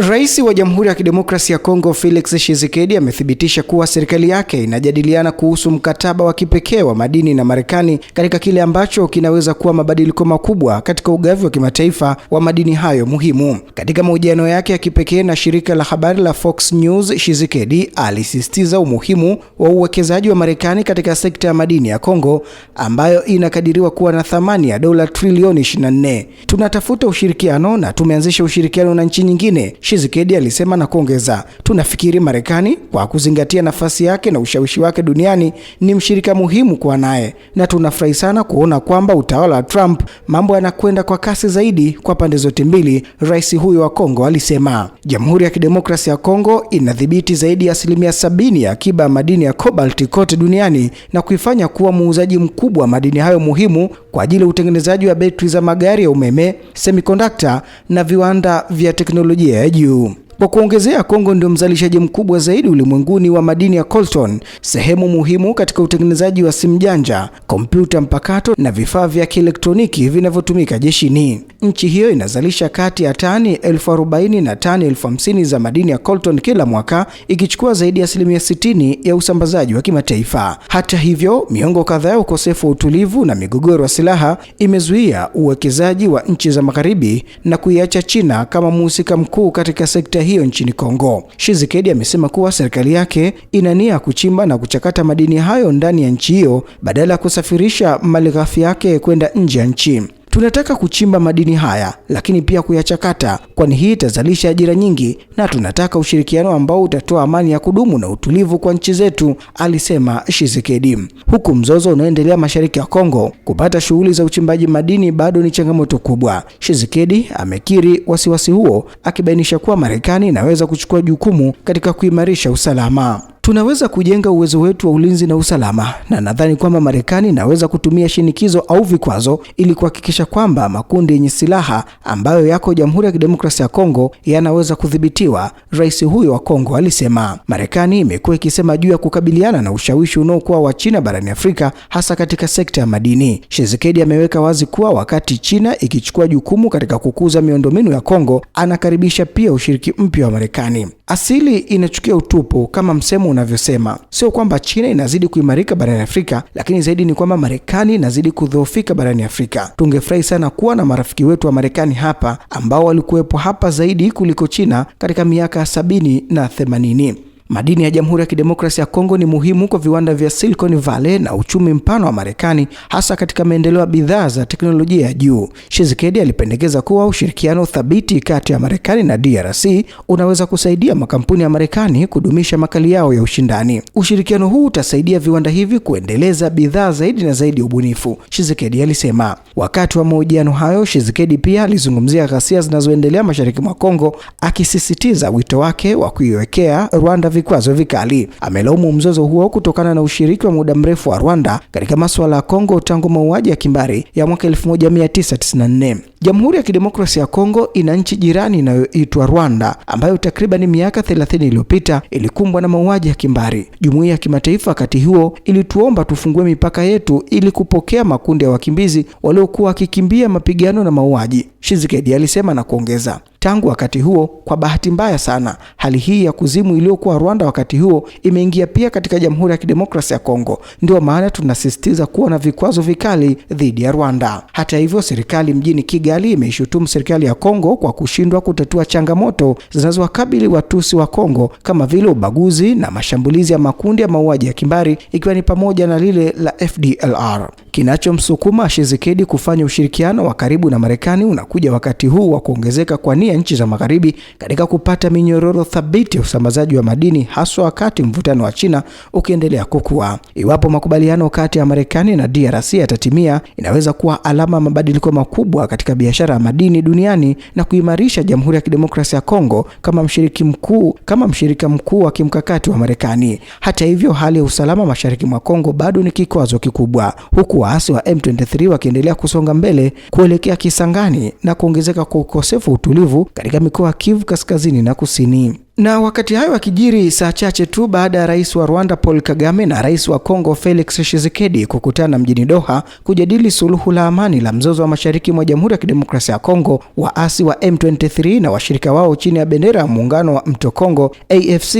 Rais wa Jamhuri ya Kidemokrasia ya Kongo Felix Tshisekedi amethibitisha kuwa serikali yake inajadiliana kuhusu mkataba wa kipekee wa madini na Marekani katika kile ambacho kinaweza kuwa mabadiliko makubwa katika ugavi wa kimataifa wa madini hayo muhimu. Katika mahojiano yake ya kipekee na shirika la habari la Fox News, Tshisekedi alisisitiza umuhimu wa uwekezaji wa Marekani katika sekta ya madini ya Kongo ambayo inakadiriwa kuwa na thamani ya dola trilioni 24. Tunatafuta ushirikiano na tumeanzisha ushirikiano na nchi nyingine Shizikedi alisema na kuongeza, tunafikiri Marekani kwa kuzingatia nafasi yake na ushawishi wake duniani ni mshirika muhimu kuwa naye, na tunafurahi sana kuona kwamba utawala wa Trump mambo yanakwenda kwa kasi zaidi kwa pande zote mbili, rais huyo wa Kongo alisema. Jamhuri ya Kidemokrasia ya Kongo inadhibiti zaidi ya asilimia sabini ya akiba ya madini ya kobalti kote duniani na kuifanya kuwa muuzaji mkubwa wa madini hayo muhimu kwa ajili ya utengenezaji wa betri za magari ya umeme, semiconductor na viwanda vya teknolojia you Kwa kuongezea, Kongo ndio mzalishaji mkubwa zaidi ulimwenguni wa madini ya coltan, sehemu muhimu katika utengenezaji wa simu janja, kompyuta mpakato na vifaa vya kielektroniki vinavyotumika jeshini. Nchi hiyo inazalisha kati ya tani elfu arobaini na tani elfu hamsini za madini ya coltan kila mwaka, ikichukua zaidi ya asilimia 60 ya usambazaji wa kimataifa. Hata hivyo, miongo kadhaa ya ukosefu wa utulivu na migogoro ya silaha imezuia uwekezaji wa nchi za magharibi na kuiacha China kama mhusika mkuu katika sekta hiyo nchini Kongo. shizikedi amesema kuwa serikali yake ina nia ya kuchimba na kuchakata madini hayo ndani ya nchi hiyo badala ya kusafirisha malighafi yake kwenda nje ya nchi. Tunataka kuchimba madini haya lakini pia kuyachakata, kwani hii itazalisha ajira nyingi, na tunataka ushirikiano ambao utatoa amani ya kudumu na utulivu kwa nchi zetu, alisema Tshisekedi. Huku mzozo unaoendelea mashariki ya Kongo, kupata shughuli za uchimbaji madini bado ni changamoto kubwa. Tshisekedi amekiri wasiwasi huo, akibainisha kuwa Marekani inaweza kuchukua jukumu katika kuimarisha usalama tunaweza kujenga uwezo wetu wa ulinzi na usalama, na nadhani kwamba Marekani inaweza kutumia shinikizo au vikwazo ili kuhakikisha kwamba makundi yenye silaha ambayo yako Jamhuri ya Kidemokrasia ya Kongo yanaweza kudhibitiwa, rais huyo wa Kongo alisema. Marekani imekuwa ikisema juu ya kukabiliana na ushawishi unaokuwa wa China barani Afrika, hasa katika sekta ya madini. shezekedi ameweka wazi kuwa wakati China ikichukua jukumu katika kukuza miundombinu ya Kongo, anakaribisha pia ushiriki mpya wa Marekani. Asili inachukia utupu kama msemo unavyosema. Sio kwamba China inazidi kuimarika barani Afrika, lakini zaidi ni kwamba Marekani inazidi kudhoofika barani Afrika. Tungefurahi sana kuwa na marafiki wetu wa Marekani hapa ambao walikuwepo hapa zaidi kuliko China katika miaka sabini na themanini. Madini ya Jamhuri ya Kidemokrasia ya Kongo ni muhimu kwa viwanda vya Silicon Valley na uchumi mpano wa Marekani, hasa katika maendeleo ya bidhaa za teknolojia ya juu. Shizikedi alipendekeza kuwa ushirikiano thabiti kati ya Marekani na DRC unaweza kusaidia makampuni ya Marekani kudumisha makali yao ya ushindani. Ushirikiano huu utasaidia viwanda hivi kuendeleza bidhaa zaidi na zaidi ya ubunifu, Shizikedi alisema. Wakati wa mahojiano hayo, Shizikedi pia alizungumzia ghasia zinazoendelea mashariki mwa Kongo, akisisitiza wito wake wa kuiwekea Rwanda vikwazo vikali. Amelaumu mzozo huo kutokana na ushiriki wa muda mrefu wa Rwanda katika masuala ya Kongo tangu mauaji ya kimbari ya mwaka 1994. Jamhuri ya Kidemokrasia ya Kongo ina nchi jirani inayoitwa Rwanda ambayo takriban miaka 30 iliyopita ilikumbwa na mauaji ya kimbari. Jumuiya ya kimataifa wakati huo ilituomba tufungue mipaka yetu ili kupokea makundi ya wakimbizi waliokuwa wakikimbia mapigano na mauaji, Shizikedi alisema na kuongeza Tangu wakati huo, kwa bahati mbaya sana, hali hii ya kuzimu iliyokuwa Rwanda wakati huo imeingia pia katika Jamhuri ya Kidemokrasia ya Kongo. Ndio maana tunasisitiza kuwa na vikwazo vikali dhidi ya Rwanda. Hata hivyo, serikali mjini Kigali imeishutumu serikali ya Kongo kwa kushindwa kutatua changamoto zinazowakabili Watusi wa Kongo kama vile ubaguzi na mashambulizi ya makundi ya mauaji ya kimbari ikiwa ni pamoja na lile la FDLR. Kinachomsukuma Tshisekedi kufanya ushirikiano wa karibu na Marekani unakuja wakati huu wa kuongezeka kwa nia nchi za Magharibi katika kupata minyororo thabiti ya usambazaji wa madini haswa wakati mvutano wa China ukiendelea kukua. Iwapo makubaliano kati ya Marekani na DRC yatatimia, inaweza kuwa alama ya mabadiliko makubwa katika biashara ya madini duniani na kuimarisha Jamhuri ya Kidemokrasia ya Kongo kama mshiriki mkuu kama mshirika mkuu wa kimkakati wa Marekani. Hata hivyo, hali ya usalama mashariki mwa Kongo bado ni kikwazo kikubwa, huku waasi wa M23 wakiendelea kusonga mbele kuelekea Kisangani na kuongezeka kwa ukosefu utulivu katika mikoa ya Kivu kaskazini na kusini. Na wakati hayo akijiri, saa chache tu baada ya rais wa Rwanda Paul Kagame na rais wa Kongo Felix Tshisekedi kukutana mjini Doha kujadili suluhu la amani la mzozo wa mashariki mwa Jamhuri ya Kidemokrasia ya Kongo, waasi wa M23 na washirika wao chini ya bendera ya muungano wa Mto Kongo AFC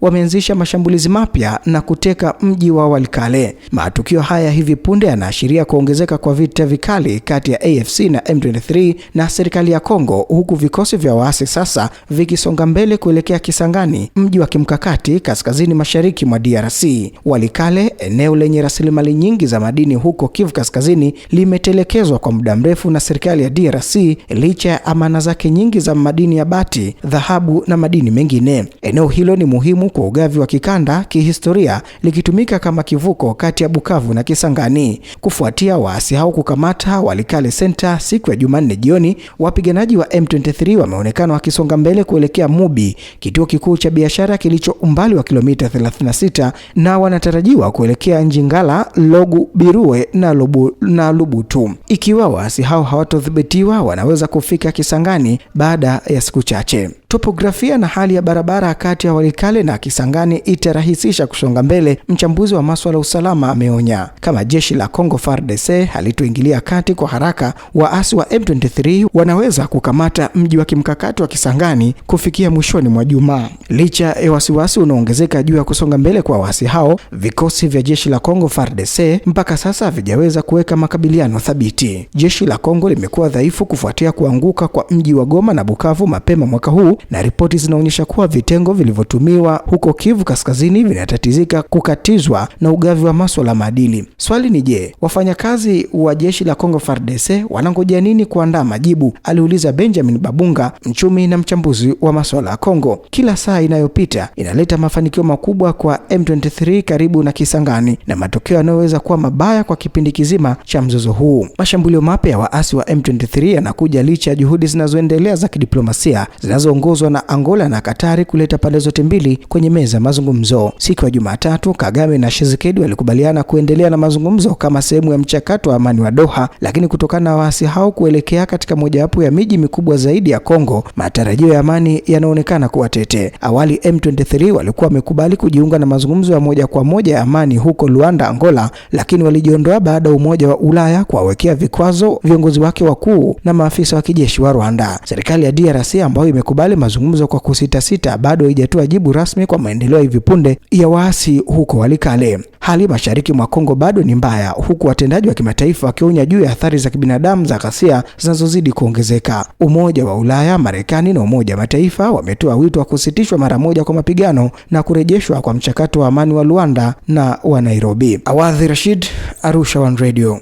wameanzisha mashambulizi mapya na kuteka mji wa Walikale. Matukio haya hivi punde yanaashiria kuongezeka kwa vita vikali kati ya AFC na M23 na serikali ya Kongo, huku vikosi vya waasi sasa vikisonga mbele kuelekea kuelekea Kisangani, mji wa kimkakati kaskazini mashariki mwa DRC. Walikale, eneo lenye rasilimali nyingi za madini huko Kivu Kaskazini, limetelekezwa kwa muda mrefu na serikali ya DRC licha ya amana zake nyingi za madini ya bati, dhahabu na madini mengine. Eneo hilo ni muhimu kwa ugavi wa kikanda, kihistoria likitumika kama kivuko kati ya Bukavu na Kisangani. Kufuatia waasi hao kukamata Walikale Center siku ya Jumanne jioni, wapiganaji wa M23 wameonekana wakisonga mbele kuelekea Mubi kituo kikuu cha biashara kilicho umbali wa kilomita 36 na wanatarajiwa kuelekea Njingala, Logu, Birue na, Lubu, na Lubutu. Ikiwa waasi hao hawatodhibitiwa, wanaweza kufika Kisangani baada ya siku chache topografia na hali ya barabara kati ya Walikale na Kisangani itarahisisha kusonga mbele, mchambuzi wa masuala ya usalama ameonya. Kama jeshi la Congo FARDC halituingilia kati kwa haraka, waasi wa M23 wanaweza kukamata mji wa kimkakati wa Kisangani kufikia mwishoni mwa jumaa. Licha ya wasiwasi unaongezeka juu ya kusonga mbele kwa waasi hao, vikosi vya jeshi la Congo FARDC mpaka sasa havijaweza kuweka makabiliano thabiti. Jeshi la Kongo limekuwa dhaifu kufuatia kuanguka kwa mji wa Goma na Bukavu mapema mwaka huu na ripoti zinaonyesha kuwa vitengo vilivyotumiwa huko Kivu Kaskazini vinatatizika kukatizwa na ugavi wa masuala maadili. Swali ni je, wafanyakazi wa jeshi la Kongo FARDC wanangojea nini kuandaa majibu? aliuliza Benjamin Babunga, mchumi na mchambuzi wa masuala ya Kongo. Kila saa inayopita inaleta mafanikio makubwa kwa M23 karibu na Kisangani na matokeo yanayoweza kuwa mabaya kwa kipindi kizima cha mzozo huu. Mashambulio mapya ya waasi wa M23 yanakuja licha ya juhudi zinazoendelea za kidiplomasia zinazo wakiongozwa na Angola na Katari kuleta pande zote mbili kwenye meza ya mazungumzo. Siku ya Jumatatu, Kagame na Tshisekedi walikubaliana kuendelea na mazungumzo kama sehemu ya mchakato wa amani wa Doha, lakini kutokana na waasi hao kuelekea katika mojawapo ya miji mikubwa zaidi ya Kongo, matarajio ya amani yanaonekana kuwa tete. Awali M23 walikuwa wamekubali kujiunga na mazungumzo ya moja kwa moja ya amani huko Luanda, Angola, lakini walijiondoa baada ya Umoja wa Ulaya kuwawekea vikwazo viongozi wake wakuu na maafisa wa kijeshi wa Rwanda. Serikali ya DRC ambayo imekubali Serikali mazungumzo kwa kusitasita bado haijatoa jibu rasmi kwa maendeleo ya hivi punde ya waasi huko Walikale. Hali mashariki mwa Kongo bado ni mbaya, huku watendaji wa kimataifa wakionya juu ya athari za kibinadamu za ghasia zinazozidi kuongezeka. Umoja wa Ulaya, Marekani na Umoja wa Mataifa wametoa wito wa kusitishwa mara moja kwa mapigano na kurejeshwa kwa mchakato wa amani wa Luanda na wa Nairobi. Awadhi Rashid, Arusha One Radio.